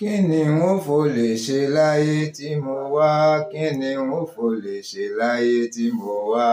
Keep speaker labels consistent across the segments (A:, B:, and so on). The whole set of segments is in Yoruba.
A: Kí ni n ó fò lè ṣe láyé tí mo wà? Kí ni n ó fò lè ṣe láyé tí mo wà?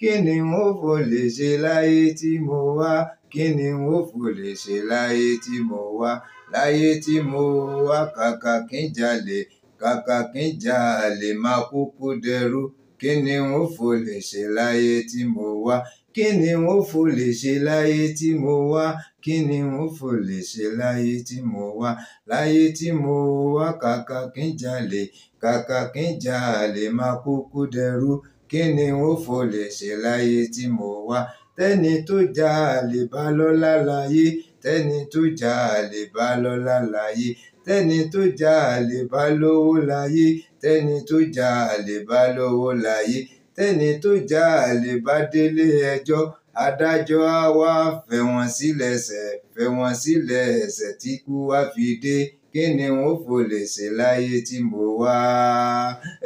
A: Kí ni n ó fò lè ṣe láyé tí mo wà? Kí ni n fò lè ṣe láyé tí mo wà? Láyé tí mo wà kàkà kí n jalè, kàkà kí n jalè, máa kúkú dẹrú. Kí ni n fò lè ṣe láyé tí mo wà? Kí ni n ó fò lè ṣe láyé tí mo wà? Kí ni n ó fò lè ṣe láyé tí mo wà? Láyé tí mo wà kàkà kí n jalè, kàkà kí n jà lè máa kúkú dẹrú. Kí ni n ó fò lè ṣe láyé tí mo wà? Tẹ́ni tó jà bá lọ́la láyé, tẹ́ni tó jà bá lọ́la láyé, tẹ́ni tó jà bá lówó láyé, tẹ́ni tó jà bá lówó láyé tẹ́ni tó já àlè bá délé ẹjọ́ adájọ́ á wá fẹ̀ wọ́n sílẹ̀ ẹ̀ṣẹ̀ fẹ̀ wọ́n sílẹ̀ ẹ̀ṣẹ̀ tí kú wá fi dé kí ni n ó fò lè ṣe láyé tí mo wá.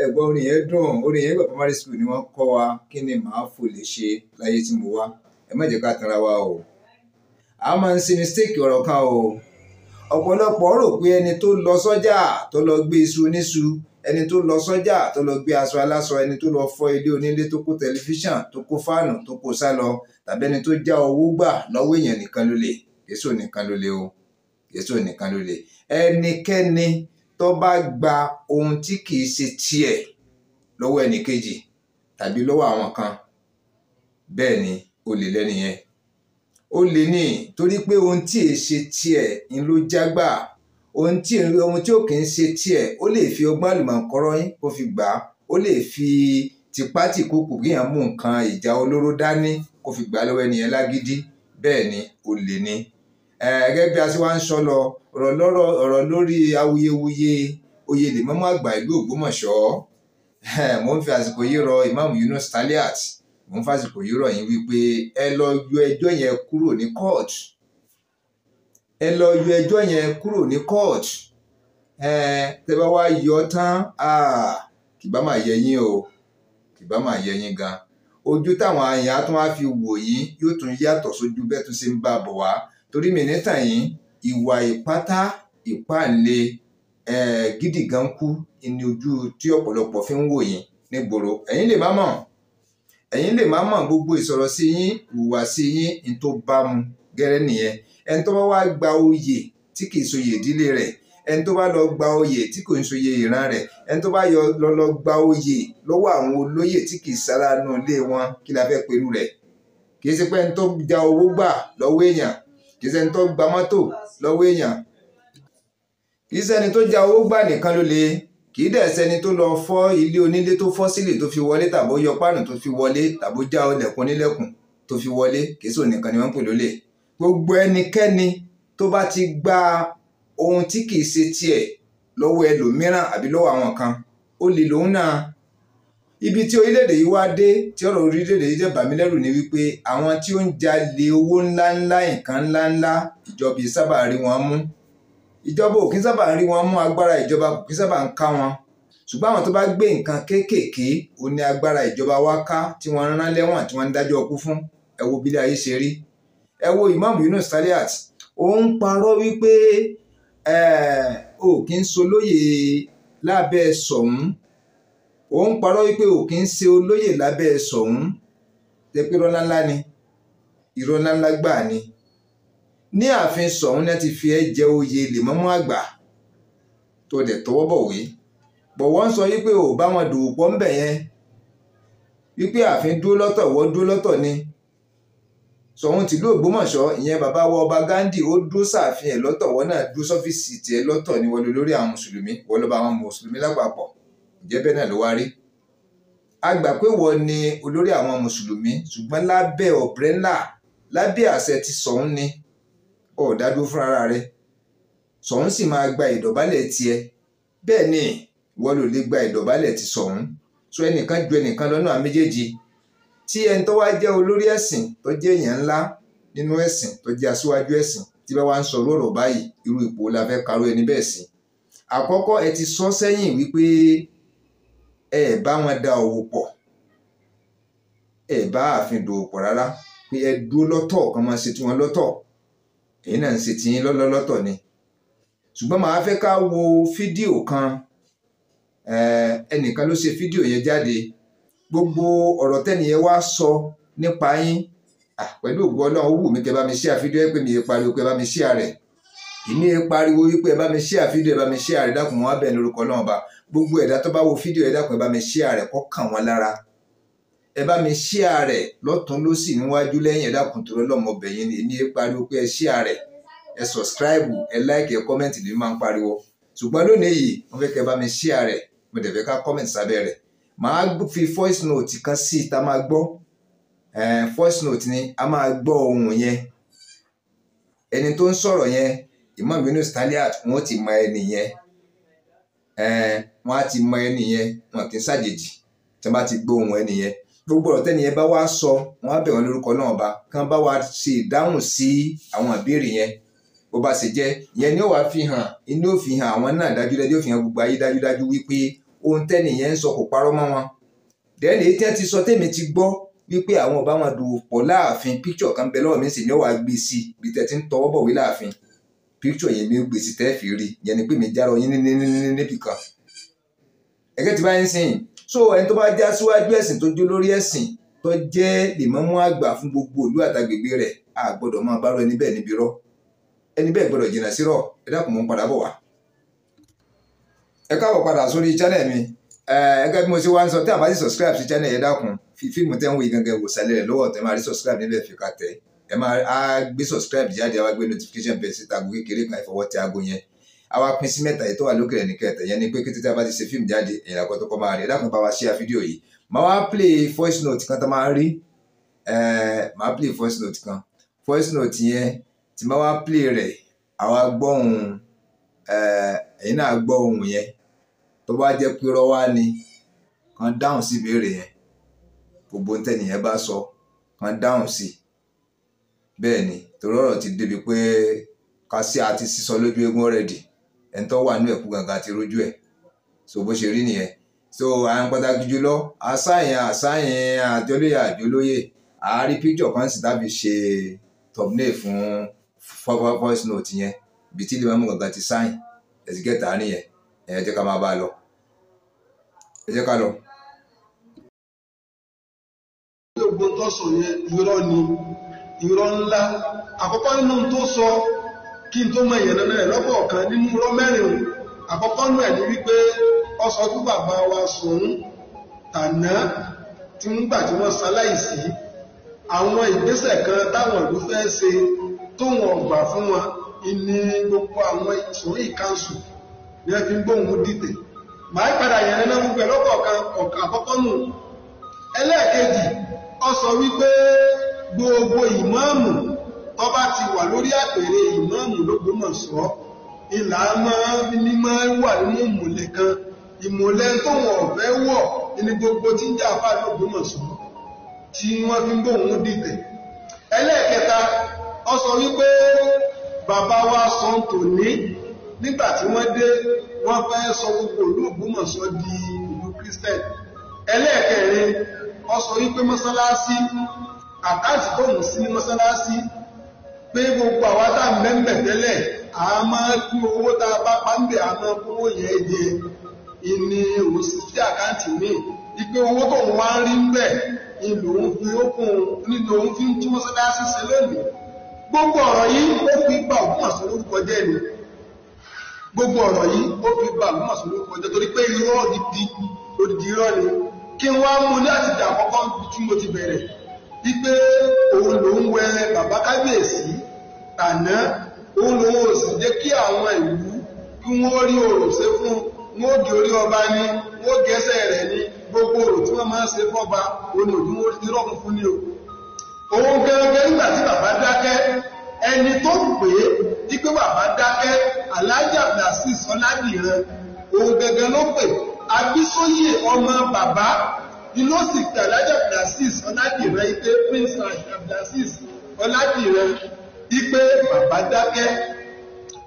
A: ẹ̀gbọ́n orin yẹn dùn orin yẹn gbà primary school ni wọ́n kọ́ wa kí ni màá fò lè ṣe láyé tí mo wá. ẹ má jẹ́ ká tanra wa o. a máa ń ṣe mistake ọ̀rọ̀ kan o. ọ̀pọ̀lọpọ̀ rò pé ẹni tó lọ sọ́jà tó lọ gbé iṣu oníṣu ẹni tó lọ sọ́jà tó lọ gbé aṣọ aláṣọ ẹni tó lọ fọ́ ilé onílé tó kó tẹlifíṣàn tó kó fáànù tó kó sá lọ tàbí ẹni tó já owó gbà lọ́wọ́ èèyàn nìkan ló lè èso nìkan ló lè o èso nìkan ló lè ẹnikẹ́ni tó bá gba ohun tí kìí ṣe tiẹ̀ lọ́wọ́ ẹnìkejì tàbí lọ́wọ́ àwọn kan bẹ́ẹ̀ ni olè lẹ́nìyẹn olè ní torí pé ohun tí èé ṣe tiẹ̀ ń ló jágbà ohun tí ń rí ohun tí ò kì í ṣe tiẹ̀ ó lè fi ọgbọ́n àlùmọ̀kọ́rọ́ yín kó fi gbà á ó lè fi tipátì kúkú kíyàn mú nǹkan ìjà olóró dání kó fi gbà á lọ́wọ́ ẹnìyẹn lágídí bẹ́ẹ̀ ni olè ni gẹ́gẹ́ bí a ṣe wá ń sọ lọ ọ̀rọ̀ lórí awuyewuye oyè lè mọ́mọ́ àgbà ìlú Ògbómọ̀ṣọ́ mo ń fi àsìkò yìí rọ Imam Yunus Taliat mo ń fi àsìkò yìí rọ yín wípé ẹ lọ yọ ẹjọ́ yẹn kúrò ní kóòtù ẹ lọ yọ ẹjọ́ yẹn kúrò ní court tẹ́ bá wá yọ tán kì bá máa yẹ yín o kì bá máa yẹ yín gan ojú táwọn àyàn tó wá fi wò yín yóò tún yàtọ̀ sójú bẹ́ẹ̀ tún ṣe ń bá bọ̀ wá torí mínísítà yín ìwà ìpátá ìpáǹle gidi gan kú ní ojú tí ọ̀pọ̀lọpọ̀ fi ń wò yín nígboro ẹ̀yin lè má mọ̀ ẹ̀yin lè má mọ̀ gbogbo ìsọ̀rọ̀ sí yín ìhùwàsí yín ní tó bá mu gẹ́rẹ́ nìyẹn ẹni tó bá wá gba oyè tí kì í soyè ìdílé rẹ̀ ẹni tó bá lọ gba oyè tí kò ń soyè ìran rẹ̀ ẹni tó bá yọ lọ lọ gba oyè lọ́wọ́ àwọn olóyè tí kì í sára nù ilé wọn kí la fẹ́ pẹ̀lú rẹ̀ kì í ṣe pé ẹni tó ja owó gbà lọ́wọ́ èèyàn kì í ṣe ẹni tó gba mọ́tò lọ́wọ́ èèyàn kì í ṣe ẹni tó ja owó gbà nìkan ló le kì í dẹ̀ sẹ́ni tó lọ fọ́ ilé onílé tó fọ́ sílẹ̀ tó fi wọlé tàbó yọ páànù tó fi wọlé tàbó já ọlẹ̀kùn onílẹ̀kùn tó fi wọlé kì í ṣe òun nìkan ni wọ́n ń pè lólè gbogbo ẹnikẹ́ni tó bá ti gba ohun tí kìí ṣe tiẹ̀ lọ́wọ́ ẹlòmíràn àbí lọ́wọ́ àwọn kan ó lè lòun náà ibi tí orílẹ̀-èdè yìí wá dé tí ọ̀rọ̀ orílẹ̀-èdè yìí dẹ̀ bà ni wípé àwọn tí ó ń jalè owó ńláńlá nǹkan ńláńlá ìjọba yìí rí wọn mú ìjọba ò sábà rí wọn mú agbára ìjọba kò sábà ń ká wọn ṣùgbọ́n àwọn tó bá gbé nǹkan kéékèèké ò ní agbára ìjọba wá ká tí wọ́n rán lẹ́wọ̀n tí wọ́n ń dájọ́ ọkú fún ẹ wo ayé ṣe rí ẹ Imam Yunus Taliat ó ń parọ́ wípé ò kí ń solóyè lábẹ́ sọ̀hún ó ń parọ́ wípé ò kí ń ṣe olóyè lábẹ́ sọ̀hún tẹ́pẹ́ irọ́ ńláńlá ni irọ́ ńláńlá gbà ni ní ààfin sọ̀hún náà ti fi ẹ́ jẹ oyè lèmọ́mọ́ àgbà tó dẹ̀ tọwọ́ bọ̀wé bọ̀ wọ́n sọ wípé ò bá wọn dòwò pọ̀ ńbẹ̀ yẹn wípé ààfin dúró lọ́tọ̀ wọ́n dúró lọ́tọ̀ ni. Ṣọ̀ún tìlú Ògbómọ̀ṣọ́ ìyẹn bàbá wa ọba Gandhi ó dúró sáàfin ẹ̀ lọ́tọ̀ wọ́n náà dúró sọ́fíìsì tiẹ̀ lọ́tọ̀ ni wọ́n lórí àwọn mùsùlùmí wọ́n lọ́ba àwọn mùsùlùmí lápapọ̀ ìjẹ́ bẹ́ẹ̀ náà ló wá rí. a gbà pé wọ́n ni olórí àwọn mùsùlùmí ṣùgbọ́n lábẹ́ ọ̀brẹ́ ńlá lábẹ́ àṣẹ ti Ṣọ̀ún ni ọ̀ dádúró fúnra rẹ̀ Ṣọ̀ún sì máa gba ìdọ̀bálẹ̀ tiẹ̀ bẹ́ẹ̀ ni wọ́n lò lè gba ìdọ̀bálẹ̀ ti Ṣọ̀ún so ẹnìkan ju ẹnìkan lọ́nà méjèèjì tí ẹni tó wá jẹ́ olórí ẹ̀sìn tó jẹ́ èèyàn ńlá nínú ẹ̀sìn tó jẹ́ aṣíwájú ẹ̀sìn tí bá wá ń sọ lọ́rọ̀ báyìí irú ipò la fẹ́ karó ẹni bẹ́ẹ̀ sí. àkọ́kọ́ ẹ ti sọ sẹ́yìn wípé ẹ bá wọn da òwò pọ̀ ẹ bá ààfin dòwò pọ̀ rárá pé ẹ dúró lọ́tọ̀ kan máa ṣe tiwọn lọ́tọ̀ èyí náà ń ṣe tiyín lọ́lọ́lọ́tọ̀ ni ṣùgbọ́n màá fẹ́ ká wo fídíò kan ẹnìkan ló ṣe fídíò yẹn jáde gbogbo ọ̀rọ̀ tẹ́nìyẹn wá sọ nípa yín ah, pẹ̀lú ògo ọlọ́run ó wù mí kẹ́ bá mi ṣe àfídíò ẹ pé mi pariwo kẹ́ bá mi ṣe àrẹ̀ ìní pariwo wípé ẹ bá mi ṣe àfídíò ẹ bá mi ṣe àrẹ̀ dákun mọ́ abẹ́ lórúkọ ọlọ́run ọba gbogbo ẹ̀dá tó bá wo fídíò ẹ dákun ẹ bá mi ṣe àrẹ̀ kó kàn wọ́n lára ẹ bá mi ṣe àrẹ̀ lọ́tún lọ́sì níwájú lẹ́yìn ẹ dákun tó lọ́mọ bẹ̀yìn ìní pariwo pé ẹ ṣe àrẹ̀ ẹ sọ̀scribe ẹ like ẹ comment ni mo máa ń pariwo ṣùgbọ́n lónìí yìí wọ́n fẹ́ kẹ́ bá mi ṣe àrẹ̀ mo dẹ̀ fẹ́ ká comment sábẹ́ rẹ̀ màá fi voice note kan sí ta máa gbọ́ voice note ni a máa gbọ́ ohun yẹn ẹni tó ń sọ̀rọ̀ yẹn Imam Yunus Taliat wọ́n ti mọ ẹni yẹn wọ́n á ti mọ ẹni yẹn wọn kì í ṣàjèjì tí ti gbọ́ ohun ẹni gbogbo ọ̀rọ̀ tẹ́ni yẹn bá wá sọ wọn á bẹ̀ lórúkọ náà bá kí bá wá ṣe ìdáhùn sí ohun tẹ́nìyẹn ń sọ kò parọ́ mọ́ wọn dẹ́ni tí wọ́n ti sọ tèmi ti gbọ́ wípé àwọn ọba wọn dòwò pọ̀ láàfin píkṣọ̀ kan bẹ lọ́wọ́ mi sì ní ọ̀wá gbé sí i bí tẹ́ ń tọwọ́ bọ̀wé láàfin píkṣọ̀ yẹn mi gbèsè tẹ́ fi rí yẹn ni pé mi jára ọyìn níbi kan ẹgẹ́ ti bá ń sìn so ẹni tó bá já síwájú ẹ̀sìn tó jó lórí ẹ̀sìn tó jẹ́ lèmọ́mú àgbà fún gbogbo ìlú àtàgbègbè rẹ̀ a máa bá rọ ẹni bẹ́ẹ̀ níbi rọ́ ẹni bẹ́ẹ̀ gbọ́dọ̀ jìnnà sí rọ̀ ẹ dákun mọ́ padà bọ̀ wá ẹ káàbọ̀ padà sórí channel mi ẹgẹ́ bí mo ṣe wá ń sọ tí a bá ti subscribe sí channel yẹn dákun fíìmù tẹ́ ń wí gangan wò sálẹ̀ lọ́wọ́ tẹ́ máa rí subscribe níbẹ̀ fi ká tẹ̀ ẹ máa gbé subscribe jáde àwa gbé notification bell síta ago kékeré kan ìfọwọ́ tẹ ago yẹn àwa pín sí mẹ́ta yìí tó wà lókè rẹ̀ ní kẹtẹ yẹn ni pé kété tí a bá ti ṣe fíìmù jáde èyàn àkọ́ kọ́ máa rí ẹ dákun bá wa share fídíò yìí máa wá play voice note kan tó máa rí máa play voice note kan voice note yẹn tí máa wá play rẹ̀ àwa gbọ́hùn ẹ̀yin náà gbọ́ ohùn yẹn tó bá jẹ́ pé rọ́wá ni kan dáhùn sí ìbéèrè yẹn gbogbo ntẹ́nìyẹn bá sọ kan dáhùn sí bẹ́ẹ̀ ni torí ọ̀rọ̀ ti débi pé kásí àti sísọ lójú eégún ọ̀rẹ́dì ẹni tó wà ní ẹ̀kú gàngàn àti rojú ẹ̀ so bó ṣe rí nìyẹn so àwọn pàtàkì jùlọ àṣàyàn àṣàyàn àjọlóye àjọlóye àárí píjọ kan sì tàbí ṣe thumbnail fún voice note yẹn bìtìlì mọ́mú gangan ti sáìn ẹ̀sì kẹta nìyẹn ẹ jẹ́ ká ma ba lọ ẹ lọ.
B: tó sọ yẹn irọ́ ni irọ́ ńlá àkọ́kọ́ nínú tó sọ kí n tó mọ ìyẹn náà lọ́pọ̀ kan nínú irọ́ mẹ́rin àkọ́kọ́ nínú ẹ̀ ní wípé ọsọ tó bàbá wa tí ń gbà tí àwọn ìgbésẹ̀ kan táwọn ìlú fẹ́ ṣe fún wọn ní gbogbo àwọn ìtòrí ìkánsù ní ẹ fi ń padà yẹ̀rẹ́ náà ọ̀kan àkọ́kọ́ nù ẹlẹ́ẹ̀kejì ọ sọ wípé gbogbo ìmáàmù tó bá ti wà lórí àpèrè ìmáàmù l'Ógbómọ̀ṣọ́ ìlà máa ní máa wà nínú ìmùlẹ̀ kan ìmùlẹ̀ tó wọ̀n wọ̀ ní gbogbo tí ń jà fi bàbá wa sọ́n tò ní nígbà tí wọ́n dé wọ́n fẹ́ sọ gbogbo ìlú Ògbómọ̀ṣọ́ di ìlú Christian ẹlẹ́ẹ̀kẹrin ó sọ wípé mọ́sálásí àkáàtì tó mú sí mọ́sálásí pé gbogbo àwọn tá mẹ́mẹ́ tẹ́lẹ̀ a máa kú owó tá a bá pàǹdẹ̀ a máa yẹn jẹ ìní òun sí sí àkáǹtì míì ìpé owó tó ń wá rí ń bẹ̀ ìlú òun fi ń tún mọ́sálásí ṣe lónìí gbogbo ọ̀rọ̀ yìí ó fi gba Ògbómọ̀ṣọ́ lórúkọ jẹ́ ni gbogbo ọ̀rọ̀ yìí ó fi gba Ògbómọ̀ṣọ́ lórúkọ jẹ́ torí pé irọ́ odidi odidi irọ́ ni kí wọ́n á mú láti dà kọ́kọ́ tí mo ti bẹ̀rẹ̀ wípé òun ló ń wẹ bàbá kábíyèsí àná òun lòun ò sì jẹ́ kí àwọn ìlú kí wọ́n rí òrò ṣe fún wọn di orí ọba ní wọn gẹ́sẹ̀ rẹ̀ ní gbogbo òrò tí wọ́n máa ń ṣe fọ́ba òun òdúnwó rírọ̀ fún ní o òun gẹ́gẹ́ nígbà tí bàbá dákẹ́ ẹni tó pè é ní pé bàbá dákẹ́ alájà blasi sọládìran òun gẹ́gẹ́ ló pè abísóyè ọmọ bàbá ló sì pè alájà blasi sọládìran ipe prince blasi sọládìran ipe bàbá dákẹ́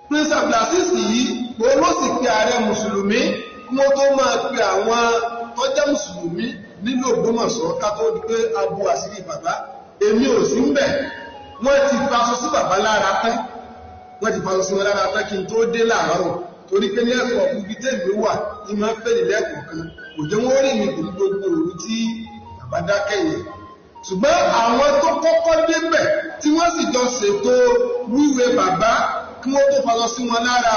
B: prince blasi yìí òun ló sì pè ààrẹ mùsùlùmí kí wọ́n tó máa pè àwọn tọ́jà mùsùlùmí nínú Ògbómọ̀ṣọ́ ká tó di pé abo àṣírí bàbá èmi ò sí ń bẹ̀ wọ́n ti faṣọ sí bàbá lára tán wọ́n ti faṣọ sí wọn lára tán kí n tó dé láàárọ̀ torí pé ní ẹ̀kọ́ ibi tẹ́lú wà ní máa ń fẹ́lẹ̀ lẹ́kọ̀ọ́ kan kò jẹ́ wọ́n rìn ní pẹ̀lú gbogbo òru tí bàbá dákẹ́ yẹn ṣùgbọ́n àwọn tó kọ́kọ́ débẹ̀ tí wọ́n sì jọ ṣètò wíwé bàbá kí wọ́n tó faṣọ sí wọn lára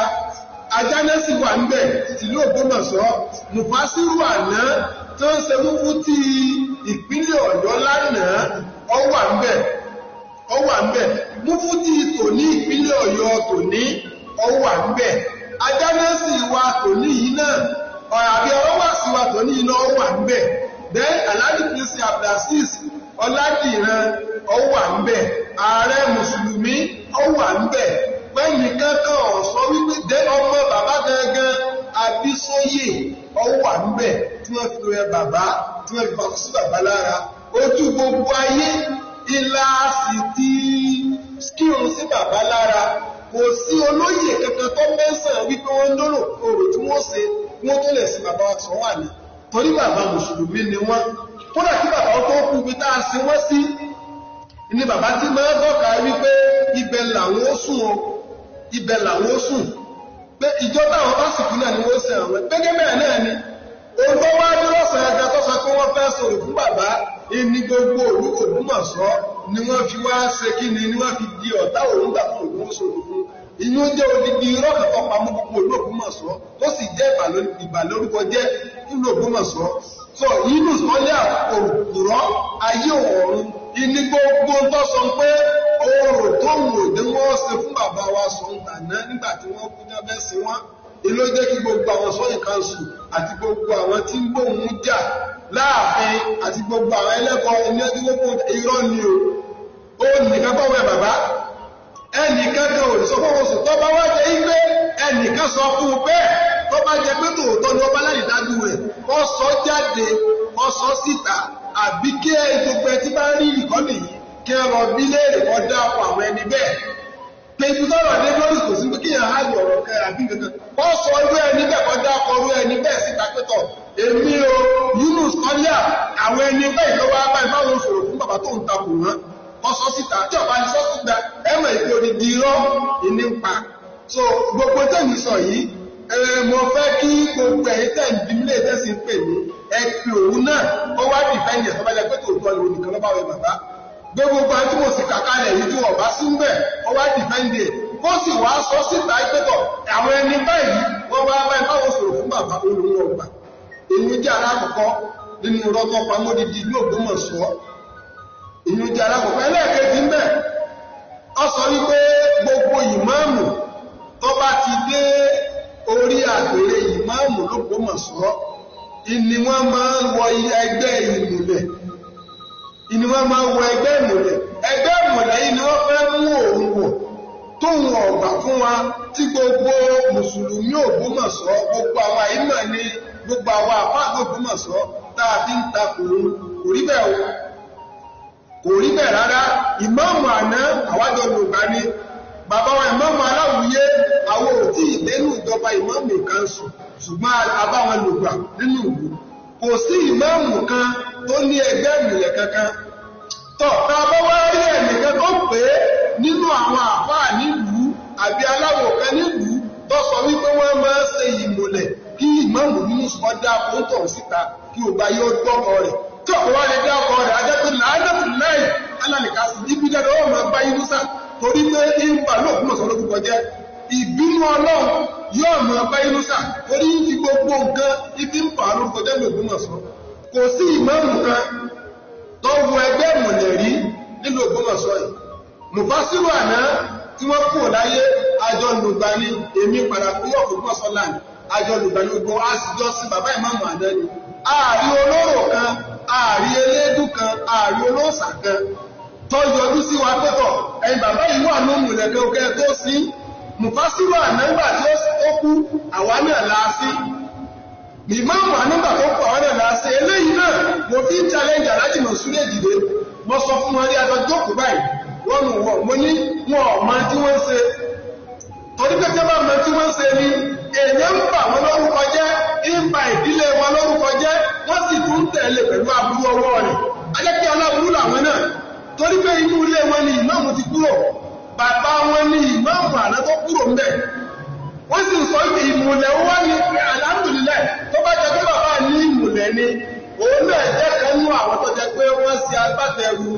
B: ajánẹ́sì wà ń bẹ̀ ìlú Ògbómọ̀ṣọ́ mùfásírù àná tó ń ṣe fúfú ti ìpínlẹ̀ Ọ̀yọ́ lánàá ọ wà ń bẹ̀ ọ wà ní ìpínlẹ̀ ọ̀yọ́ tòní ọ wà ń bẹ̀ yìí náà ọ̀ràbí wa náà ọ wà then prince abdulaziz ọ wà ààrẹ mùsùlùmí ọ wà ń bẹ̀ kankan ọ̀sọ́ wípé dé ọmọ bàbá gangan ọ wà bàbá tí wọ́n bàbá sí ojú gbogbo ayé ilá sì ti skirun sí bàbá lára kò sí olóyè kankan tó mẹ́sàn wípé wọ́n lórò orò tí wọ́n ṣe wọ́n tó lẹ̀ sí bàbá wa sọ wà ní
A: torí bàbá mùsùlùmí
B: ni wọ́n kódà kí bàbá tó kú bí tá a ṣe wọ́n sí ni bàbá ti máa ń bọ̀kà wípé ibẹ̀ làwọn ó sùn o ibẹ̀ làwọn ó sùn pé ìjọba àwọn fásitì náà ni wọ́n ṣe àwọn gbẹ́gẹ́ bẹ́ẹ̀ náà ni
A: òun tó wá ní lọ́sàn-án ẹgbẹ́ tó sọ pé
B: wọ́n fẹ́ sọ̀rọ̀ fún bàbá ní gbogbo òru Ògbómọ̀ṣọ́ ni wọ́n fi wá ṣe kí ni ni wọ́n fi di ọ̀dá òun gbà fún inú jẹ́ odidi rọ́ọ̀kì pamọ́ gbogbo òru tó sì jẹ́ ìbàlórúkọ sọ inú sọlẹ́ ayé gbogbo sọ pé oòrùn tó wù wọ́n ṣe fún bàbá wa èló jẹ́ kí gbogbo àwọn sọ́yìn kanṣu àti gbogbo àwọn tí ń gbóhùn jà láàfin àti gbogbo àwọn ẹlẹ́kọ̀ọ́ ilé tí gbogbo irọ́ ni o ó nìkan bọ́wọ́ ẹ̀ bàbá ẹnìkan kan ò sọ fún oṣù tó bá wá jẹ́ ilé ẹnìkan sọ fún un bẹ́ẹ̀ tó bá jẹ́ pé tòótọ́ ni ọba láyé dájú rẹ̀ ó sọ jáde ó sọ síta àbí kí ẹ gbogbo ẹ ti bá rí ìkọ́lì yìí kí ẹ lọ bí léèrè kọ́ dáàbò àwọn ẹni bẹ́ẹ̀ tẹ̀sí sọ̀rọ̀ dé lórí kò sí kí yàn áàyè ọ̀rọ̀ kẹ àbí kankan kọ́ sọ irú ẹni bẹ́ẹ̀ kọjá kọ irú ẹni bẹ́ẹ̀ síta pẹ́tọ̀ èmi o Yunus kọ́líà àwọn ẹni bẹ́ẹ̀ ló wá báyìí báwọn sọ̀rọ̀ fún bàbá tó ń takò wọn kọ́ sọ síta tí ọ̀bá ní sọ síta ẹ mọ̀ èké odidi irọ́ ìní ń pa so gbogbo tẹ̀mí sọ yìí mo fẹ́ kí gbogbo ẹ̀yìn tẹ̀ ń bí ilé tẹ̀sí ń pè ẹ̀ gbé gbogbo àwọn tí mo sì kàkálẹ̀ yìí tí wọ́n bá sí ń bẹ̀ wọ́n wá dìbẹ́ǹdè ó sì sọ síta àwọn ẹni báyìí wọ́n báyìí sọ̀rọ̀ fún bàbá jẹ́ alákọ̀ọ́kọ́ nínú jẹ́ alákọ̀ọ́kọ́ ẹlẹ́ẹ̀kejì ń ọ sọ wípé gbogbo ìmáàmù tó bá ti dé orí àgbèrè ìmáàmù ìní wọ́n máa ń wọ ẹgbẹ́ ìmùlẹ̀ ni wọ́n máa wọ ẹgbẹ́ ìmọ̀lẹ̀ ẹgbẹ́ ìmọ̀lẹ̀ yìí ni wọ́n fẹ́ mú òun wọ̀ tóun ọ̀gbà fún wa tí gbogbo mùsùlùmí Ògbómọ̀ṣọ́ gbogbo àwọn àyímọ̀ ni gbogbo àwọn àfáàgbò Ògbómọ̀ṣọ́ tá a fi ń ta kòrò kò rí bẹ́ẹ̀ o
A: kò rí bẹ́ẹ̀ rárá ìmáàmù àná
B: àwájọ Yorùbá ni bàbá wa ìmáàmù aláwùyé àwọn òtí ìdẹ́nu ìjọba ìmáàmù kan sùn ṣùgbọ́n a bá wọn lògbà tó ní ẹgbẹ́ ènìyàn kankan tọ́ ta bá wá rí ẹnìkan tó pé nínú àwọn àfáà nílùú àbí aláwọ̀ kan nílùú tó sọ wípé wọ́n máa ń ṣe ìmọ̀lẹ̀ kí ìmọ̀mù ní mùsùlùmọ́ dá fóńtọ̀ síta kí ò yóò dọ́kọ̀ rẹ̀ tí ọ̀pọ̀ wá lè rẹ̀ ibi máa bá sá torí pé ìbínú ọlọ́run yóò máa gbogbo nǹkan ibi ń kò sí ìmáàmù kan tó wọ ẹgbẹ́ ìmọ̀lẹ̀ rí nínú Ògbómọ̀ṣọ́ yìí mùfásírù àná tí wọ́n kú láyé àjọ lùgbà èmi padà láàrín àjọ kan ààrí elédú kan ààrí olóòsà kan tó yọjú sí wa pẹ́tọ̀ ẹ̀yìn bàbá yìí wà ní kan tó sí àná nígbà tí ó kú àwa náà àti eléyìí náà mo fi ń challenge aláàjì Mansuri Èjìdé mo sọ fún wọn adọ jókòó báyìí wọ́n mo ní wọn ni èèyàn ń bà wọn lórúkọ jẹ́ ń bà ìdílé wọn lórúkọ jẹ́ wọ́n sì tún tẹ̀lé pẹ̀lú aburú ọwọ́ rẹ̀ ajẹ́kẹ́ làwọn náà wọn ni ti kúrò bàbá wọn ni wọ́n sì sọ pé ìmùlẹ̀ wọ́n ní alhamdulillah tó bá jẹ́ pé bàbá ní ìmùlẹ̀ ni òun náà jẹ́ kanú àwọn tó jẹ́ pé wọ́n ṣe agbátẹrù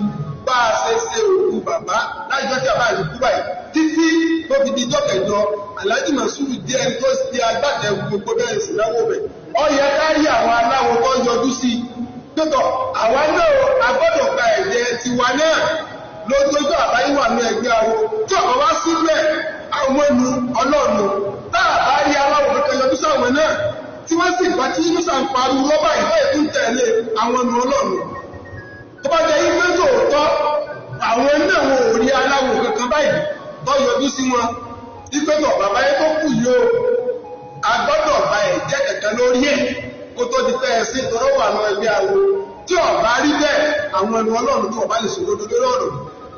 B: bá a ṣe ṣe òkú bàbá lájọ́ tí a bá rí kú báyìí títí tó fi di jọ́kẹjọ aláàjì màsúrù díẹ̀ tó ṣe agbátẹrù gbogbo bẹ́ẹ̀ sì náwó rẹ̀ ó yẹ kárí àwọn aláwo tó yọjú sí i tótọ̀ àwa náà agbọ́dọ̀ gba ẹ̀jẹ̀ tiwa náà lójoojúmọ́ àbáyé wà ní ẹgbẹ́ awo tí ọ̀pọ̀ wá síbẹ̀ àwọn ẹnu ọlọ́ọ̀nù táà bá rí aláwọ̀ kankan yọjú sáwọn náà tí wọ́n sì bá tí yúnúṣà ń parí rọ́bà tẹ̀lé àwọn ẹnu ọlọ́ọ̀nù tó bá jẹ́ ife àwọn ò rí aláwọ̀ kankan báyìí yọjú sí wọn bàbá yẹn tó yìí o agbọ́dọ̀ bá jẹ́ kẹ̀kẹ́ lórí ẹ̀ kó tó di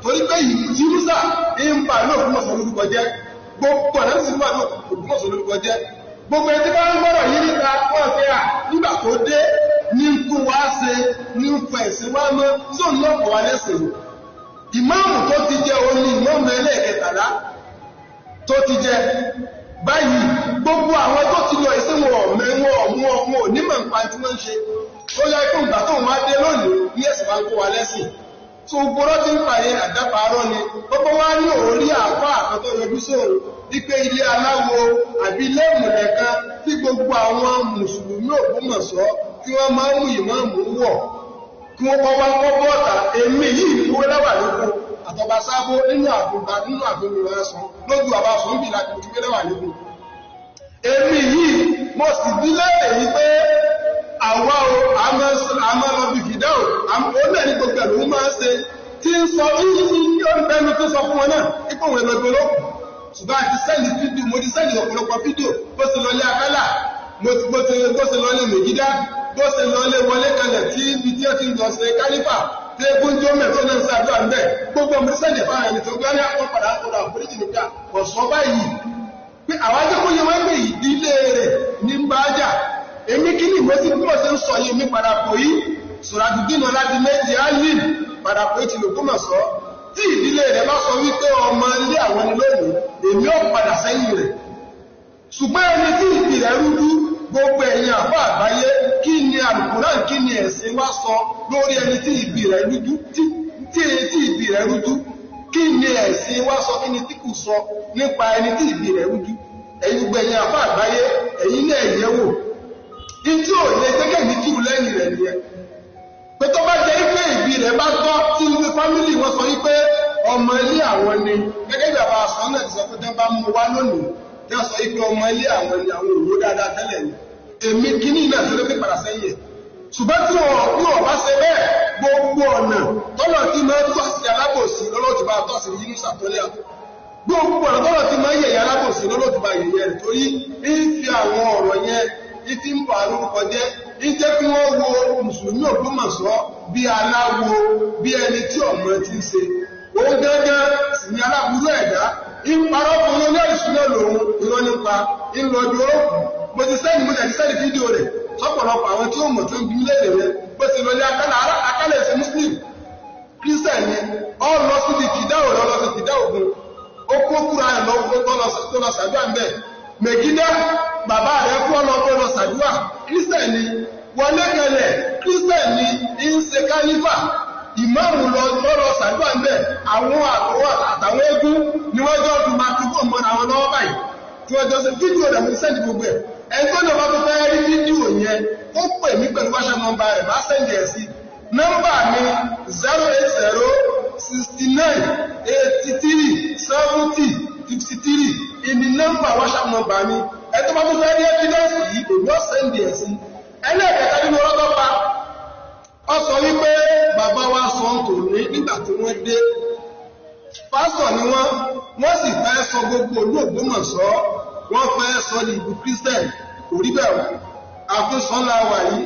B: torí pé jírúsà ń bà ní Ògbómọ̀ṣọ́ lórúkọ jẹ́ gbogbo ọ̀nà sì ń bà ní Ògbómọ̀ṣọ́ lórúkọ jẹ́ gbogbo ẹtí bá ń gbọ́rọ̀ yìí níta wọ́n fẹ́ à nígbà tó dé ní kú wá ṣe ní fẹ̀ sí wá mọ́ tó ń lọ́pọ̀ wá lẹ́sìn ìmáàmù tó ti jẹ òun ni ìmáàmù ẹlẹ́ẹ̀kẹtàlá tó ti jẹ báyìí gbogbo àwọn tó ti lọ ìsìn wọn ọ̀mẹ́ wọn ọ̀mú ọmọ onímọ̀ nǹkan tí wọ́n ń ṣe ó yẹ kó ìgbà tó wọn á dé lónìí ní ẹ̀sìn bá ń kó wa lẹ́sìn tó gbọ́rọ́ ti ń pàyẹ àdápàárọ́ ni gbogbo wá ní òórí àpá àkọ́tọ́ yọjú sóòrùn wípé ilé aláwo àbí ilé ìmùlẹ̀kan tí gbogbo àwọn mùsùlùmí Ògbómọ̀ṣọ́ tí wọ́n máa ń mú ìmáàmù wọ̀ kí wọ́n kọ́ wá kọ́ bọ́ọ̀tà èmi yìí ní wẹ́lẹ́wà lóko àtọ́ba sábó nínú àbúgbà nínú àbúgbà ẹ̀sán lójú àbá fún ìbílà ìwẹ́lẹ́wà lóko èmi yìí mo sì dílé àbúrú máa ṣe tí ń sọ ìrìnbẹ̀nu tó sọ fún wọn náà ipò wọn lọ́gbọ́n ló ṣùgbọ́n àti sẹ́ẹ̀lì fídíò mo ti sẹ́ẹ̀lì ọ̀pọ̀lọpọ̀ fídíò bó ṣe lọlé akálà bó ṣe lọlé mègídá bó ṣe lọlé wọlé kalẹ̀ tí ibi tí ó ti ń lọ ṣe kálífà tí egun tó mẹ́tọ́ náà ṣàdúrà ń bẹ̀ gbogbo ọmọ sẹ́ẹ̀lì fáwọn ẹni tó gbáyà wọn padà àtọ̀rọ̀ àforíjì nígbà ọ̀ṣọ́ báyìí pé àwájẹ́ kó yẹ wọ́n gbé ìdílé rẹ̀ ní bájà èmi kí ni ìwé sí bí wọ́n sùràdùdínà láti méjì alìm padà pé ti lògúnmọ̀ sọ tí ìdílé rẹ̀ bá sọ wípé ọmọ ilé àwọn nílòmí èmi ó padà sẹ́yìn rẹ̀ ṣùgbọ́n ẹni tí ìpì rẹ̀ rúdú gbogbo ẹ̀yin àbá àgbáyé kí ni àlùkùrán kí ni ẹ̀sìn wá sọ lórí ẹni tí ìbì rẹ̀ rúdú tí tí ìbì rẹ̀ kí ni ẹ̀sìn wá sọ kí ni tí kù sọ nípa ẹni tí ìbì rúdú ẹ̀yin gbogbo ẹ̀yin àgbáyé ẹ̀yin náà yẹ̀wò ìtí ò lè gbẹ́gẹ́ ní jù lẹ́yìn rẹ̀ nìyẹn pé tó bá jẹ́ wípé ìbí rẹ̀ bá tọ́ tí ní fámílì wọ́n sọ wípé ọmọ ilé àwọn ni gẹ́gẹ́ bí àwọn àṣọ náà ti sọ pé tán bá mú wá lónìí tán sọ wípé ọmọ ilé àwọn ni àwọn òwò dáadáa tẹ́lẹ̀ ni èmi kíní náà tó ló pé padà sẹ́yìn ṣùgbọ́n tí wọn bí wọn bá ṣe bẹ́ẹ̀ gbogbo ọ̀nà tọ́lọ̀ tí máa ń tọ́ sí alábòsí lọ́lọ́dúnbá tọ́ sí yínú sàtọ́lẹ̀ gbogbo ọ̀nà tọ́lọ̀ tí máa ń yẹ̀yẹ́ alábòsí lọ́lọ́dúnbá yẹ̀yẹ́ rẹ̀ torí ń fi àwọn ọ̀rọ̀ yẹn ní ti ń bà lórúkọ jẹ́ ń kí wọ́n wo mùsùlùmí Ògbómọ̀ṣọ́ bí aláwo bí ẹni tí ọmọ ti ń ṣe òun gẹ́gẹ́ sì ni aláburú ẹ̀dá ìparọ́ fún olóyè ìṣúná lòun irọ́ nípa mo ti sẹ́ni mo sẹ́ni fídíò rẹ̀ sọ́pọ̀lọpọ̀ àwọn tí ó mọ̀ tó ń bí rẹ̀ ti lọlé akálẹ̀ ẹ̀sẹ̀ muslim ni ọ lọ sí ti kìdáwò lọ lọ sí kìdáwò gun ó kó kúra ẹ̀ lọ mẹ̀kídá bàbá rẹ̀ kú ọlọ́pẹ́ lọ sàdúrà kírísítẹ̀ni wọlé kẹlẹ̀ kírísítẹ̀ni ń ṣe kánífà ìmáàmù lọ́rọ̀ sàdúrà ń bẹ̀ àwọn àtọwọ́ àtàwọn eégún níwájú ọdún máa túbọ̀ mọ́ àwọn lọ́wọ́ báyìí tí wọ́n jọ ṣe fídíò rẹ̀ mú sẹ́ndì gbogbo ẹ̀ ẹgbẹ́ náà bá tó fẹ́ rí fídíò yẹn ó pè mí pẹ̀lú wáṣẹ nọ́mbà rẹ̀ bá sẹ́ndì ẹ̀ sí nọ́mbà mi zero eight zero sixty nine eighty three seventy fifty three ìní nọ́mbà whatsapp nọ́mbà mi ẹ bá tún fẹ́ rí evidence yìí èmi ọ̀ sẹ́ndì ẹ̀ sí
A: ẹlẹ́ẹ̀kẹta nínú ọlọ́dọ́ pa
B: ọ sọ wípé bàbá wa sọ ń tò ní nígbà tí wọ́n dé pásítọ̀ ni wọ́n wọ́n sì fẹ́ sọ gbogbo olú Ògbómọ̀ṣọ́ wọ́n fẹ́ sọ ní ìlú Christian kò rí bẹ́ẹ̀ wọ́n àfúnsọ́lá wà yìí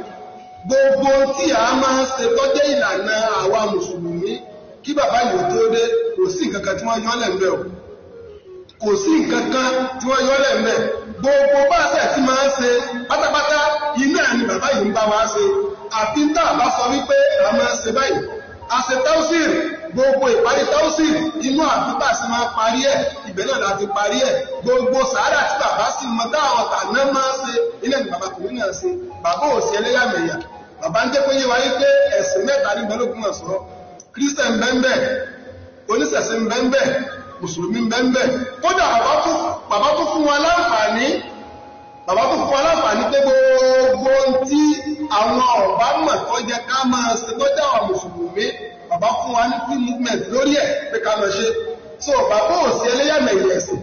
B: gbogbo tí a máa ń ṣe tọ́jẹ́ ìlànà àwa mùsùlùmí kí bàbá yìí ó tó dé kò sí nǹkan kan tí wọ́n yọ́ lẹ́ńbẹ̀ọ́ kò sí nǹkan kan tí wọ́n yọ lẹ́mẹ̀ gbogbo bá ṣe ti máa ń ṣe pátápátá iná ni bàbá yìí ń bá wa ṣe àfi tá a bá sọ wípé a máa ń ṣe báyìí a ṣe táwùsìrì gbogbo ìparí táwùsìrì inú àdúgbà sí máa parí ẹ̀ ibẹ̀ náà láti parí ẹ̀ gbogbo sàárà tí bàbá sì mọ táwọn tàná máa ṣe iná ni bàbá tòun náà ṣe bàbá ò sí ẹlẹ́yàmẹ̀yà bàbá ń jẹ́ pé yé wa yí pé ẹ̀sìn mẹ́ta ní gbẹ́lógún ọ̀sán kírísítẹ̀ ń bẹ́ńbẹ́ oníṣẹ̀ṣẹ̀ ń bẹ́ńbẹ́ mùsùlùmí bẹ́ẹ̀bẹ́ kódà bàbá tó fún wa láǹfààní bàbá tó fún wa láǹfààní pé gbogbo tí àwọn ọ̀bá mọ̀ tó jẹ ká máa ṣe tó jẹ́ àwọn mùsùlùmí bàbá fún wa ní free movement lórí ẹ̀ pé ká máa ṣe so bàbá ò sí ẹlẹ́yàmẹ̀yẹ ẹ̀sìn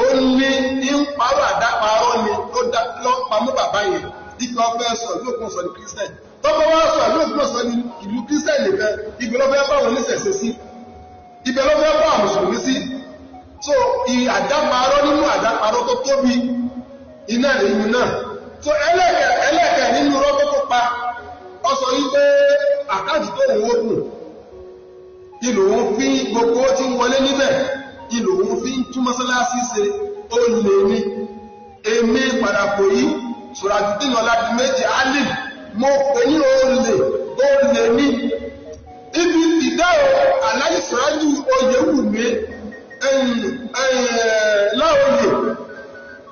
B: ó ní ní ń parọ́ àdáparọ́ ni ló dá pamọ́ bàbá yẹn ibi ọbẹ̀ sọ lókun sọ ní kírísítẹ̀ tọ́pọ̀ wá sọ lókun sọ ní ìlú kírísítẹ̀ nìkan ibi lọ́bẹ̀ báwọn oníṣẹ̀ṣẹ̀ sí ibẹ̀ ló fẹ́ kọ́ àwọn mùsùlùmí sí so àdáparọ́ nínú àdáparọ́ tó tóbi iná lèyìn náà so ẹlẹ́kẹ̀ ẹlẹ́kẹ̀ nínú rọ́gbọ́ tó pa ọ sọ wípé àkáǹtì tó wò ó dùn ìlò òun fi gbogbo ó ti ń wọlé níbẹ̀ ìlò òun fi ń tún mọ́sálásí ṣe ó lè ní èmi padàpọ̀ yìí sùràdìdìnà láti méjì alì mo pè ní olè olè ní ibi dá o aláyé sàájú oyè wù mí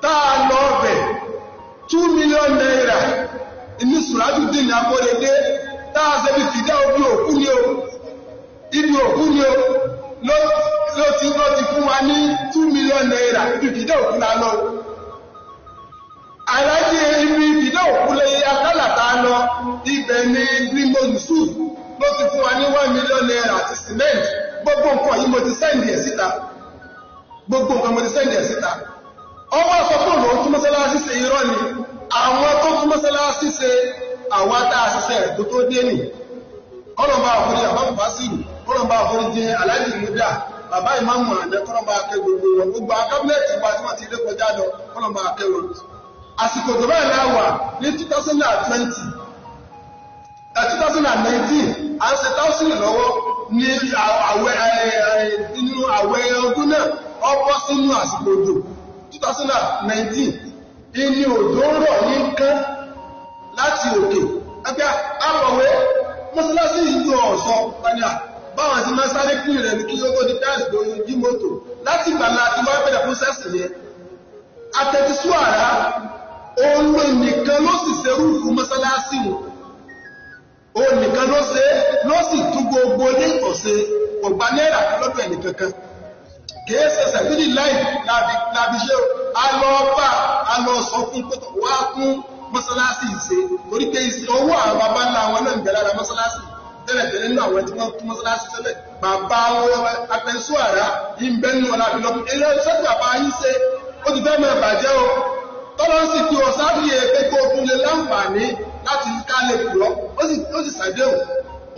B: tá a lọ ọbẹ̀ two naira ní sùrájú dín ní akóredé tá a fìdá ojú òkú ni o ibi òkú ni o ló ti ló ti fún wa ní two naira ibi fìdá òkú la lọ aláyé ibi òkú lọ ibẹ̀ ló ti fún wa ní one million naira àti cement gbogbo nǹkan yìí mo ti sẹ́ndì ẹ̀ síta gbogbo nǹkan mo ti sẹ́ndì ẹ̀ síta ọmọ sọ fún òun tún mọ́sálásí ṣe irọ́ ni àwọn tó tún mọ́sálásí ṣe àwọn tá a ṣiṣẹ́ rẹ̀ tó tó dé nì kọ́lọ̀mbà àforí àbábùbá sí kọ́lọ̀mbà àforí jẹ aláàjì múdà bàbá ìmáàmù àná kọ́lọ̀mbà akẹ́ gbogbo wọn gbogbo akábínẹ́ẹ̀tì wa tí wọ́n ti lé kọjá lọ kọ́lọ̀mbà akẹ́ wọn àsìkò tó báyìí láwà ní 2020 2019 a ń ṣe táwọ́sílì lọ́wọ́ ní inú àwẹ̀ ọdún náà ọpọ́ sínú àsìkò òjò 2019 inú òjò ń rọ̀ ní kán láti òkè ẹgbẹ́ àwọ̀wé mọ́sálásí ìjọ ọ̀sọ́ pẹ̀lú báwọn sí máa sáré kí rẹ̀ ní kí ó tó di táìsì tó yí jí mọ́tò láti gbàlá àti wọ́n pẹ̀lẹ̀ fún sẹ́sì yẹn àtẹ̀tísú àrá òun lò nìkan ló sì ṣerú fún mọ́sálásí wọn o nìkan ló ṣe é ló sì tún gbogbo ní ìtòsí kò náírà lọ́dọ̀ kìí ṣe sẹ̀fílì láì láti ṣe a lọ bá a lọ sọ fún pẹ̀tọ̀ wá fún mọ́sálásì ṣe torí pé owó àwọn bàbá ńlá àwọn náà ń tẹ́lẹ̀tẹ́lẹ̀ àwọn tí wọ́n tún tẹ́lẹ̀ bàbá wọn láti ká lè kúrọ́ ó sì ṣàdéhùn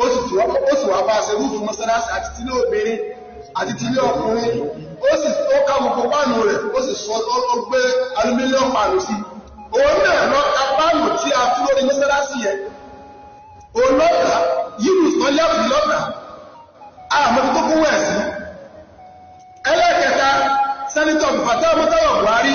B: ó sì tù ó sì wá bá a ṣe rúfù mọ́sálásí àti tílé obìnrin àti tílé ọkùnrin ó sì ó ká gbogbo páànù rẹ̀ ó sì sọ ó gbé alumílíọ̀n páànù sí òun náà lọ ka páànù tí a tú lórí mọ́sálásí yẹn òun lọ́ọ̀dà yíwù tó lẹ́kùn lọ́ọ̀dà àmọ́ tó kó wẹ̀ sí ẹlẹ́kẹta sẹ́nitọ̀ Fatai Mọ́tàwá Buhari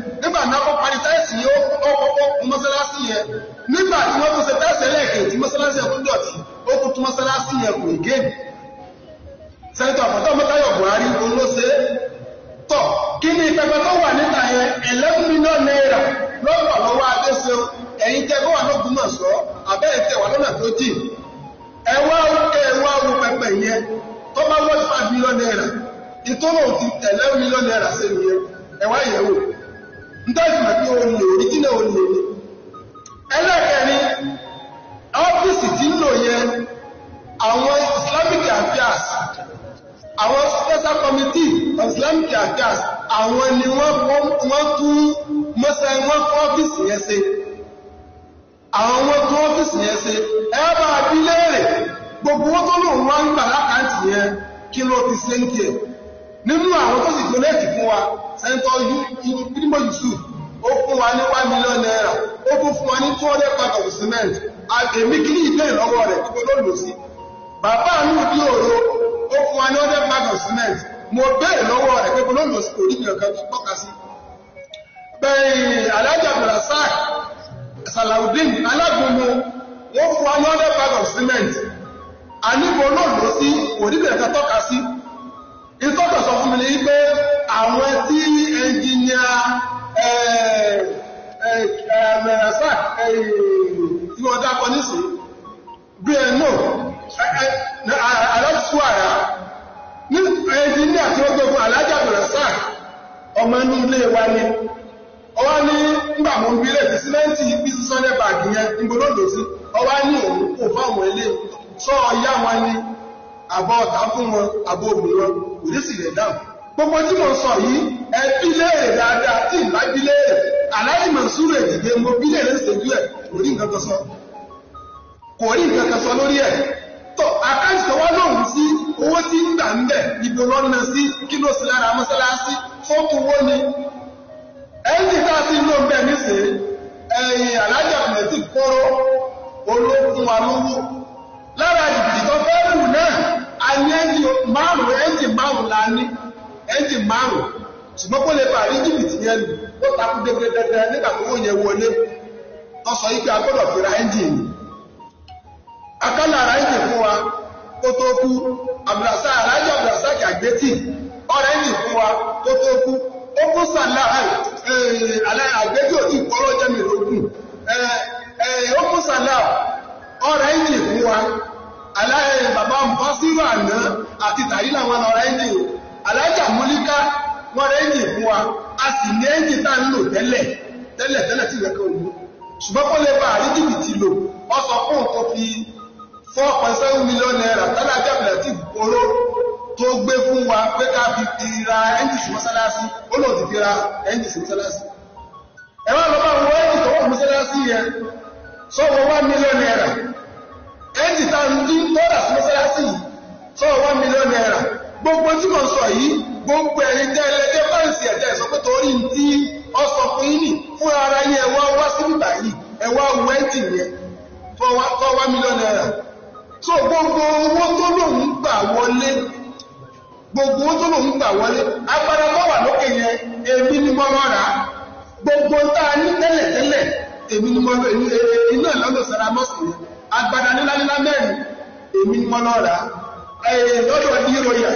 B: nígbà náà kọ́ parí táìsì yóò kọ́kọ́ kún mọ́sálásí yẹn nígbà tí wọ́n tún ṣe táìsì ẹlẹ́ẹ̀kejì mọ́sálásí yẹn kún dọ̀tí ó kún tún mọ́sálásí yẹn kò gẹ́ẹ̀mù sẹ́ńtọ̀ àpọ̀tọ́ mọ́tayọ̀ Buhari òun ló ṣe é tọ̀ kí ni ìpẹpẹ tó wà níta yẹn eleven million naira lọ́pọ̀ lọ́wọ́ adéṣe ẹ̀yin tẹ́ bọ́wà lóògùn náà sọ àbẹ́ ìtẹ̀ wà lọ́nà tó jì ẹ wá ẹ wá wo pẹpẹ yẹn tó bá wọ́n five million naira ìtọ́nà ti eleven million naira ṣe nìyẹn ẹ wá yẹ̀ wò ntọ́sìmọ̀ tí ó lè orí kí náà ó lè ní ẹlẹ́kẹ̀ẹ́rin ọ́fíìsì tí ń lò yẹn àwọn Islamic affairs àwọn special committee of Islamic affairs àwọn ni wọ́n tún mọ́sẹ̀ wọ́n fún ọ́fíìsì yẹn ṣe àwọn wọ́n ń kí ló nínú àwọn tó sì donate fún wa ẹntọ́ yúnímọ̀ yusuf ó fún wa ní 1 million naira ó kún fún wa ní 200 pack of cement àtẹ̀mí kí ní ìdẹ́ ìlọ́wọ́ rẹ̀ kí ló lò sí bàbá mi ò bí òro ó fún wa ní 100 pack of cement mo bẹ́ẹ̀ lọ́wọ́ rẹ̀ pé ló lò sí kò rí mi ọ̀kan tó tọ́ka sí bẹ́ẹ̀ alájà abdulrasaq salaudeen alágbòmọ wọ́n fún wa ní 100 pack of cement àníbo ló lò sí kò rí mi ọ̀kan tọ́ka sí ìtọ́jọ́ sọ fún mi ní pé àwọn tí ẹnjìnìà mẹ̀rẹ̀sàk tí wọ́n dákọ nísì bí ẹnù aláṣùwàrá ní ẹnjìnìà tí wọ́n gbogbo alájà mẹ̀rẹ̀sàk ọmọ inú ilé wa ni ọwá ní ngbà mọ̀ bí ilé sísílẹ́ǹtì bí sísọ́lẹ̀ bàgì yẹn ìgbòlódò sí ọwá ní òun kò fáwọn ilé sọ ọ̀yá wọn ni àbọ̀ ọ̀tá fún wọn àbọ̀ òmìnira ìrísí rẹ̀ dáhùn gbogbo tí mo sọ yìí ẹbí léèrè dáadáa tí ìlà bí léèrè aláì mọ̀súrò èdìdè mo bí léèrè ṣèjú ẹ̀ kò rí nǹkan kan sọ kò rí nǹkan kan sọ lórí ẹ̀ tó àkáǹtì wá lóhùn sí owó tí ń gbà ń bẹ̀ ibo lọ́nà sí kí ló sì lára mọ́sálásí fọ́ọ̀kù owó ni ẹ̀ńtì tá a ti ń lò ń bẹ̀ nísìnyí ẹ̀yìn alájà mẹ́tì kóró olókun alówó lára ìdìtọ́ fẹ́ náà anyị ẹ́ńjì márùn ẹ́ńjì márùn la ní eji márùn ṣùgbọ́n kó lè parí jìbìtì yẹn nù ó ka dégbé dẹ́dẹ́ nígbà tó wọ́n yẹ wọlé wọ́n sọ yìí a gbọ́dọ̀ ara ẹ́ńjì fún wa tó tó kú àbùràsá aláàjì àbùràsá kàgbétì ọ̀rẹ́ ẹ́ńjì ee wa tó tó kú ó kọ́tírò àná àti tàílà wọn lọ́ra ẹ́nì o alájà múlíká wọn rẹ̀ ẹ́nì fún wa a sì ní ẹ́nì tá ń lò tẹ́lẹ̀ tẹ́lẹ̀ tẹ́lẹ̀ tí ìrẹ́kẹ́ òun ṣùgbọ́n kó lè bá àríjìbì ti lò ọ sọ fún nǹkan fi four point seven million naira tẹ́lẹ̀ àjàbìlẹ̀ tí ìgboro tó gbé fún wa pé ká fi ra ẹ́nì sí mọ́sálásí ó lò ti fi ra ẹ́nì sí mọ́sálásí ẹ̀rọ lọ́ba wo ẹ́nì tó wà mọ́sálásí yẹn sọ́wọ́ one million naira ẹ́nì tá ń dín tọ́lá sí mọ́sálásí yìí sọ one million gbogbo tí mo sọ yìí gbogbo ẹ̀yin tẹ́ fẹ́ǹsì ẹ̀jẹ̀ sọ pé tí ọ sọ fún fún ara yín ẹwà wá yìí ẹwà yẹn gbogbo owó tó gbà wọlé gbogbo owó tó gbogbo tá a ní tẹ́lẹ̀tẹ́lẹ̀ èmi ni mo iná ìlọ́dọ̀ sara agbára nílá Eh, lọ́dọ̀ díróyà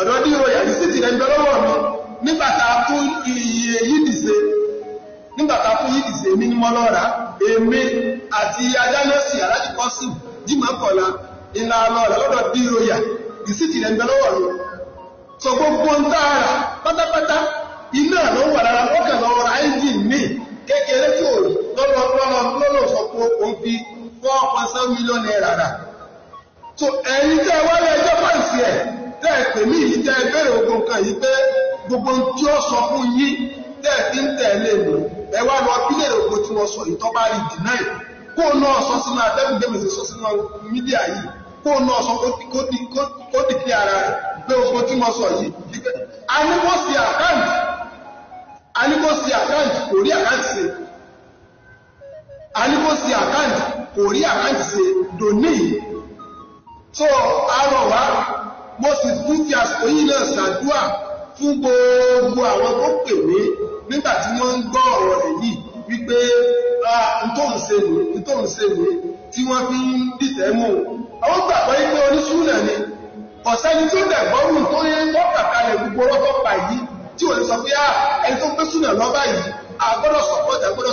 B: ọ̀dọ̀ díróyà ìsìtì rẹ̀ gbẹ lọ́wọ́ mi nígbà tá a fún iye yídìse nígbà fún èmi àti adánọ́sì alájíkọ́sì dìmọ́kọ̀lá ìlà lọ́rẹ̀ lọ́dọ̀ ìsìtì rẹ̀ sọ gbogbo ń tààrà pátápátá iná ló wà lọ́wọ́ kékeré lọ́lọ́ lọ́lọ́ sọ pé òun fi so ẹ̀yin tẹ́ wá ẹjọ́ fáǹsì ẹ̀ mí yìí tẹ́ ẹ bẹ̀rẹ̀ tí ó sọ fún yín ń tẹ̀lé mọ̀ ẹ wá lọ bílẹ̀ sọ ìtọ́ba rí kó náà sọ sínú atẹ́gùn gbẹ̀mí sọ sínú mídíà yìí kó náà sọ kó dìkì ara rẹ̀ sọ yìí a ní kó sí àkáǹtì a ní kó sí àkáǹtì kò rí àkáǹtì so arọ̀ wá mo sì tún fi àsìkò yìí náà ṣàdúà fún gbogbo àwọn tó pè mí nígbà tí wọ́n ń gbọ́ ọ̀rọ̀ rẹ̀ yìí wípé ntòun ṣe mí ntòun ṣe mí tí wọ́n fi ń dìtẹ̀ mú àwọn gbàgbọ́ yìí pé oníṣúná ni ọ̀sẹ́ni tí ó dẹ̀gbọ́rù tó yẹ lọ́kà kalẹ̀ gbogbo ọlọ́tọ́ pa yìí tí ò sọ pé ẹni tó gbé súnà lọ́ba yìí àgbọ́dọ̀ sọ̀pọ̀ tẹ̀ tẹ̀lé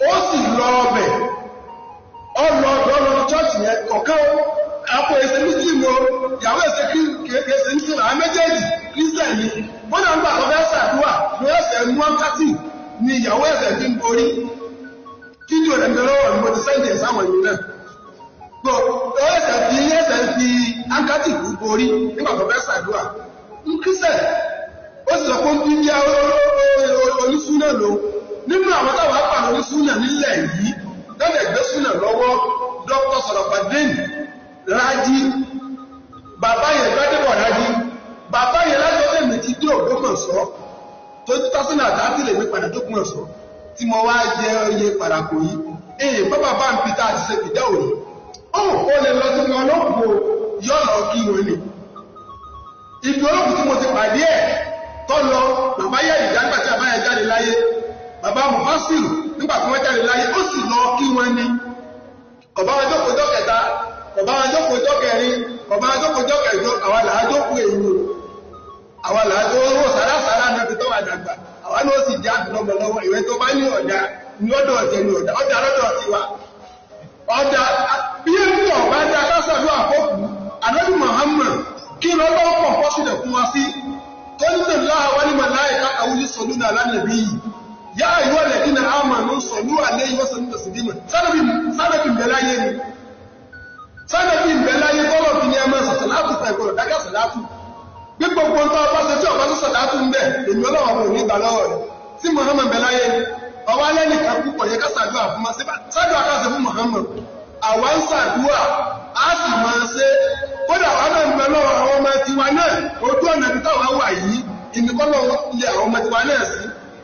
B: ó sì lọ ọbẹ̀ ọlọ́ọ̀dọ́ lọ yẹn kọ̀ọ̀kan ẹsẹ̀ muslim o ìyàwó ẹsẹ̀ kẹsẹ̀ muslim àwọn méjèèjì christian ni wọ́n ń gbà lọ́fẹ́ ṣàdúrà ló ẹsẹ̀ mú ọ́nkátì ni ìyàwó ẹsẹ̀ ń borí lọ́wọ́ ni mo ti àwọn ìlú náà ó ẹsẹ̀ fi ẹsẹ̀ fi kú borí nígbà ń ó sì sọ pé ó ń bí bí nílẹ̀ yìí lọ́dẹ̀ gbé súnà lọ́wọ́ dr sọ̀rọ̀fàdín rájí bàbá yẹn gbádẹ́bọ̀ rájí bàbá yẹn lájọ́dẹ̀ mi ti dé Ògbómọ̀ṣọ́ tó tásínà àtàtì mi padà tó kùn tí mo wá jẹ oyè pàràkò yìí èyí bàbá bá ń àti ṣe òní ó ó lè lọ sí wọn lọ́pọ̀ yọ̀ kí wọn ni ibi olóògùn tí mo ti pàdé ẹ̀ tọ́ bàbá yẹn ìdágbàtí bàbá muhasiru nígbà tí wọ́n jáde láyé ó sì lọ kí wọ́n ní ọ̀bá wọn jókòó jọ́ kẹta ọ̀bá wọn jókòó jọ́ kẹrin ọ̀bá wọn jókòó jọ́ kẹjọ àwa làá jókòó èwo àwa làá tó rò sárására níbi tó wà dàgbà àwa náà sì já lọ́mọ lọ́wọ́ ìwé tó bá ní ọ̀dà ní ọ̀dọ̀ ọ̀tẹ̀ ní ọ̀dà ọ̀dà lọ́dọ̀ ọ̀tí wa ọ̀dà bí èmi ọ̀bá dá kásàlú àkókù àdọ́dù Muhammad kí lọ́dọ̀ pọ̀ pọ́sùlẹ̀ fún wa sí tó nílò láàwọ́ ní màláìka àwùjọ sọ̀dún náà lánàá bí yìí yá àyíwá lẹ́dínà àmànú sọ̀lú àlẹ́ ìwọ́sàn ní tẹ̀sìdìmọ̀ sánàbí ìbẹ̀láyé ni sánàbí ìbẹ̀láyé tọ́lọ̀ fi ní ẹmọ́ sàtàlátù sàìkọ̀rọ̀ dágà sàlátù gbígbò pọ́ntọ́ ọba ṣe tí ọba ṣe sàlátù ń bẹ̀ èmi ọlọ́wọ́ kò ní ìgbà lọ́wọ́ rẹ̀ tí Muhammad bẹ̀láyé kan ma Muhammad àwa ń sàdúà á sì máa ṣe kódà wà náà ń bẹ àwọn ọmọ tiwa náà ojú ọ̀nà ibi táwa wà yìí ìmìkọ́lọ́ ilé àwọn ọmọ náà sí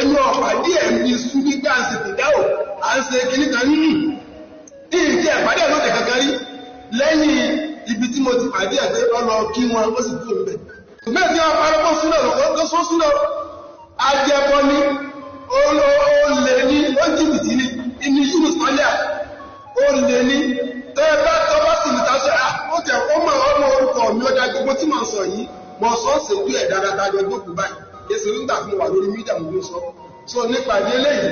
B: èmi ọ̀pá díẹ̀ ní sùn nígbà ń ṣe tìdáwò à ń ṣe kíní kan nínú ní ìdí ẹ̀pàdé lóde kankan rí lẹ́yìn ibi tí mo ti pàdé ẹ̀ pé ọlọ kí wọn ó sì kúrò níbẹ̀. ṣùgbọ́n tí wọ́n parọ́ kó súnà lọ́wọ́ kó súnà ajẹ́bọ ni olè ní ó jìbìtì ni ìní yunus mọ́lẹ́à olè ní tẹ́ẹ̀bá tọ́bá sì ní ta ṣe àkójẹ́ ọmọ ọmọ orúkọ mi ó dájú gbogbo èsì nígbà fún wà lórí mídíà mú sọ so nípa ìdí eléyìí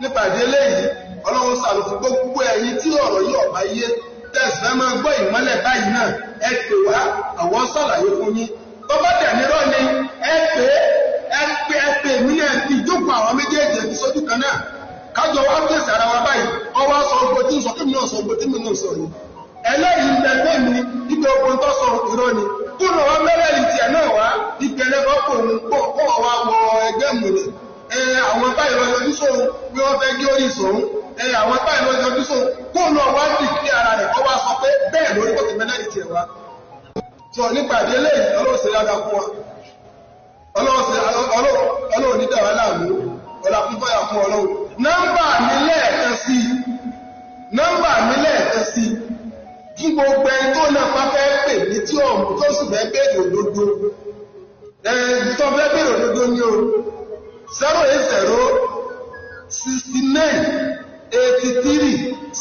B: nípa ìdí eléyìí ọlọ́run gbogbo ẹ̀yin tí ọ̀rọ̀ yìí ọ̀bá yé tẹ̀sán máa gbọ́ ìmọ́lẹ̀ báyìí náà ẹ pè wá àwọn sàlàyé fún yín tó ni ẹ pè ẹ pè ẹ pè mí ẹ fi àwọn méjèèjì ẹbí sójú kan náà kájọ wá sọ tí ń sọ kí mi náà sọ tí mi náà sọ ni kúrò wọn bẹ̀rẹ̀ náà wá bọ́pọ̀ òun pọ̀ kọ́ wa wọ ẹgbẹ́ àwọn báyìí lọ yọjú sóhun pé wọ́n fẹ́ gé orí àwọn báyìí lọ yọjú sóhun kó lọ wá kí ara rẹ̀ kọ́ wá sọ pé bẹ́ẹ̀ lórí kò wá. sọ nípa ìdílé wa gbogbo ẹni tó náà bá fẹ́ pè ní tí ọ̀mù tó sì fẹ́ bèèrè òdodo ẹni tó fẹ́ bèèrè òdodo ni o zero eight zero sixty nine eighty three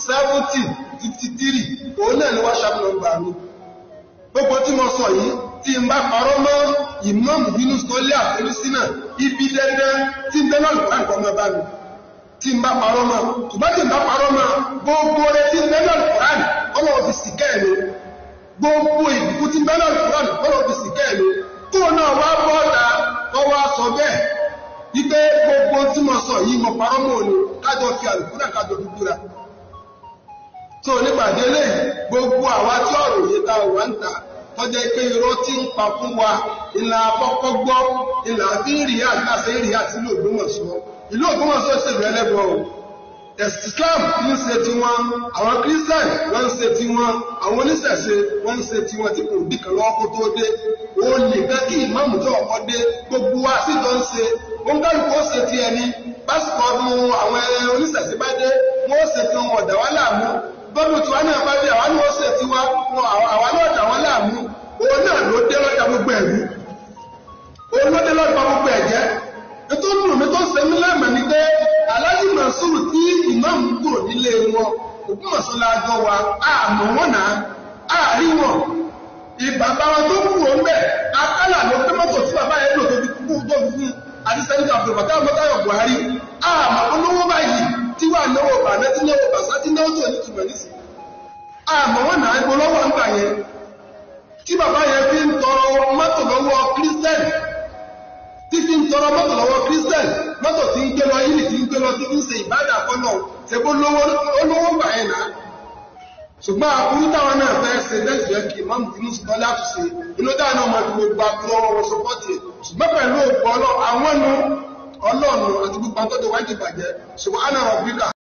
B: seventy fifty three òun náà ni whatsapp number mi gbogbo tí mo sọ yìí tí n bá parọ́ mọ́ ìmọ̀mù bínú sọ́lé àtẹnusí náà ibi dandan tí n bẹ́ẹ̀ lọ́lùkọ́ àgbọ̀mọ́ bá mi. tí n bá parọ́ mọ́ kò bá tí n bá parọ́ mọ́ gbogbo rẹ̀ tí n bẹ́ lọ́rùn Quran ọlọ́wọ́ gbogbo tí n bẹ́ lọ́rùn Quran ọlọ́wọ́ kó náà wá ọwọ́ gbogbo tí mo sọ yìí mo parọ́ mọ́ òní kájọ fi kájọ dúdú ra tó nípàdé gbogbo àwa tí ọ̀rọ̀ ta wà ń ta irọ́ tí ń pa fún wa ìlà àkọ́kọ́ gbọ́ ìlú Ògbómọ̀ṣọ́ ṣèlú ẹlẹ́bọ o Islam ń ṣe tiwọn àwọn Christian wọ́n ń ṣe tiwọn àwọn oníṣẹ̀ṣe wọ́n ń ṣe tiwọn tí kò dì kan lọ́wọ́ kó tó dé ó lè fẹ́ kí ìmáàmù tó ọkọ dé gbogbo wa sì jọ ń ṣe wọ́n gbẹ́rù kó ṣe ti ẹni básìkò ọdún àwọn oníṣẹ̀ṣe bá dé wọ́n ṣe tí wọn ọ̀dà wá láàmú bọ́dún tiwa náà bá dé àwa náà ṣe tiwa àwa náà dà wọ́n láàmú òun náà ló dé lọ́jà gbogbo ẹ̀jẹ̀ ètò dùn mí tó ṣe mí lẹ́mọ̀ ni pé aláàjì Mansur tí ìmáàmù kúrò nílé wọn òkú mọ̀sánlá gan wa a wọn náà àárí wọn ìbàbá wọn tó kúrò ń bẹ̀ akálà ló pé mọ́tò tí bàbá lò tó tó fún àti sẹ́ńtà Buhari olówó báyìí tí wà tí tí tó ní tùmọ̀ títí ń tọrọ mọ́tò lọ́wọ́ christian mọ́tò tí ń gbé lọ yìí tí ń gbé lọ tí ń ṣe ìbádà fọ́nà ṣègbó lówó olówó gbà ẹ̀ náà ṣùgbọ́n àkúrú táwọn náà fẹ́ ṣe lẹ́sì rẹ̀ kí mọ́mù tí mùsùn lọ láti ṣe inú dáná ọmọ ìlú gbogbo àbúrò ọwọ́ wọn sọpọ́tì ẹ̀ ṣùgbọ́n pẹ̀lú òkú ọlọ́ọ̀nù àwọn ọlọ́ọ̀nù àti gbogbo àtọ́jọ wájú ìbàjẹ́ ṣùgbọ́n àná ọ̀gbìnà